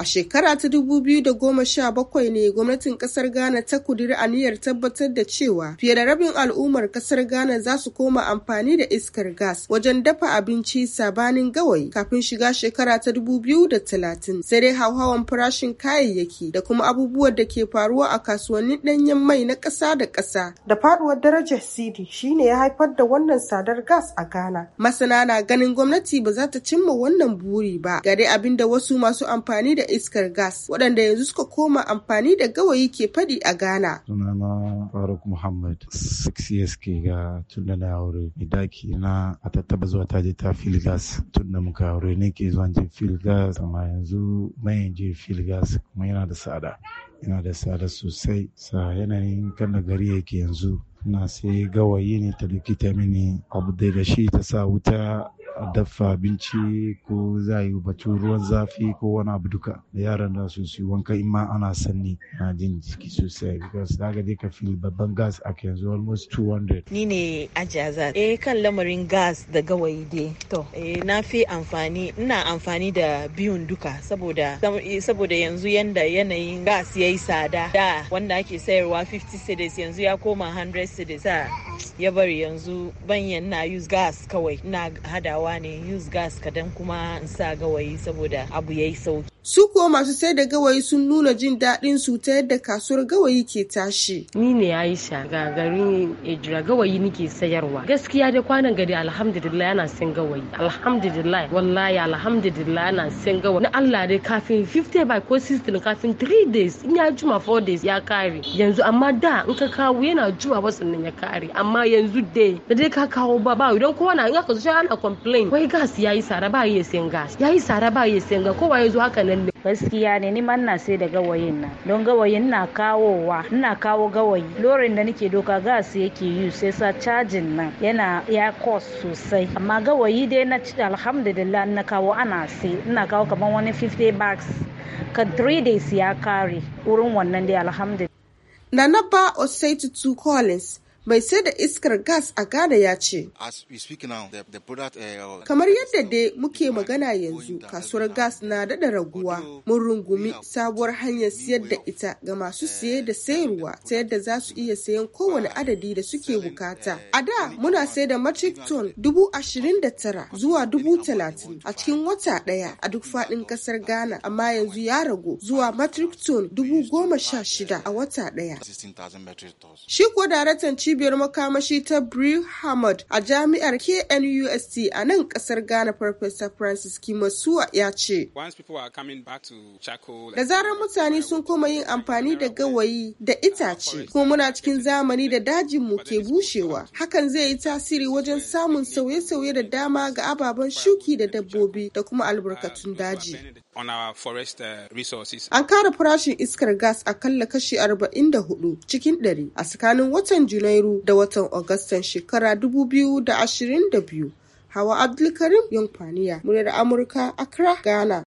A shekara ta 2017 ne gwamnatin kasar Ghana ta kudiri aniyar tabbatar da cewa fiye da rabin al'ummar kasar Ghana za su koma amfani da iskar gas wajen dafa abinci sabanin gawayi kafin shiga shekara ta 2030 sai dai hauhawan farashin kayayyaki da kuma abubuwan da ke faruwa a kasuwannin danyen mai na ƙasa da ƙasa. Da faɗuwar darajar CD shine ya haifar da wannan sadar gas a Ghana. Masana na ganin gwamnati ba za ta cimma wannan buri ba. Gare dai abinda wasu masu amfani da iskar gas waɗanda yanzu suka koma amfani da gawayi ke fadi a Ghana. Sunana Faruk Muhammad 6 years ke ga tun da na aure daki na a tattaba zuwa ta je ta fil gas tun da muka aure ne ke zuwa je fil gas amma yanzu mayan je fil gas kuma yana da tsada. Yana da tsada sosai sa yanayin kan da gari yake yanzu na sai gawayi ne ta likita mini abu daga shi ta sa wuta dafa abinci ko za a yi batun ruwan zafi ko wani abu duka da yaran da su su wanka in ma ana sanni na jin jiki sosai because da ga ka fil babban gas a yanzu almost 200 ni ne ajaza eh kan lamarin gas da gawayi dai to eh na fi amfani ina amfani da biyun duka saboda yanzu yanda yanayin gas yayi tsada da wanda ake sayarwa 50 cedis yanzu ya koma 100 cedis ya bari yanzu banyan na use gas kawai na hadawa ne use gas kadan kuma in sa gawayi saboda abu ya yi sauki Su kuwa masu sai da gawayi sun nuna jin daɗin su ta yadda kasuwar gawayi ke tashi. Ni ne Aisha ga garin Ejira gawayi nake sayarwa. Gaskiya da kwanan gari alhamdulillah yana sin gawayi. Alhamdulillah wallahi alhamdulillah yana sin gawayi. Na Allah dai kafin 50 by ko 60 kafin 3 days in ya juma 4 days ya kare. Yanzu amma da in ka kawo yana juma wasu nan ya kare. Amma yanzu dai da dai ka kawo ba ba idan kowa na in aka zo ana complain. Wai gas yayi sara ba yi sin gas. Yayi sara ba yi sin gas kowa ya zo haka lalle gaskiya ne ni man na sai da gawayin nan don gawayin na kawowa ina kawo gawayi lorin da nake doka gas yake yi sai sa cajin nan yana ya cost sosai amma gawayi dai na alhamdulillah na kawo ana sai ina kawo kamar wani 50 bags kan 3 days ya kare wurin wannan dai alhamdulillah ba Nanaba Osetutu Collins mai sai da iskar gas a Ghana ya ce. Eh, Kamar yadda dai muke magana yanzu kasuwar gas na daɗa raguwa mun rungumi sabuwar hanyar siyar da ita ga masu siye da eh, sayarwa ta yadda za su iya sayan kowane adadi da suke bukata. Eh, a da muna sai da metric ton dubu ashirin da tara zuwa dubu talatin a cikin wata ɗaya a duk faɗin ƙasar Ghana amma yanzu ya ragu zuwa metric ton dubu goma sha shida a wata ɗaya. Shi kuwa daraktan cibiyar cibiyar makamashi ta Brew Hamad a jami'ar KNUST a nan kasar Ghana Professor Francis Kimasuwa ya ce. Da zarar mutane sun koma yin amfani da gawayi da itace kuma muna cikin zamani da dajin mu ke bushewa hakan zai yi tasiri wajen samun sauye-sauye da dama ga ababen shuki da dabbobi da kuma uh, albarkatun daji. Uh, An kara farashin iskar gas a kalla kashi 44 cikin 100 a tsakanin watan Junairu Janairu da watan Agustan shekara 2022. Hawa Abdulkarim Yumfaniya, muryar Amurka, Accra, Ghana.